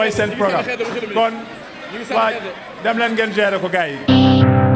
mooy seen programme kon waaj dem leen ngeen gérer ko gars yi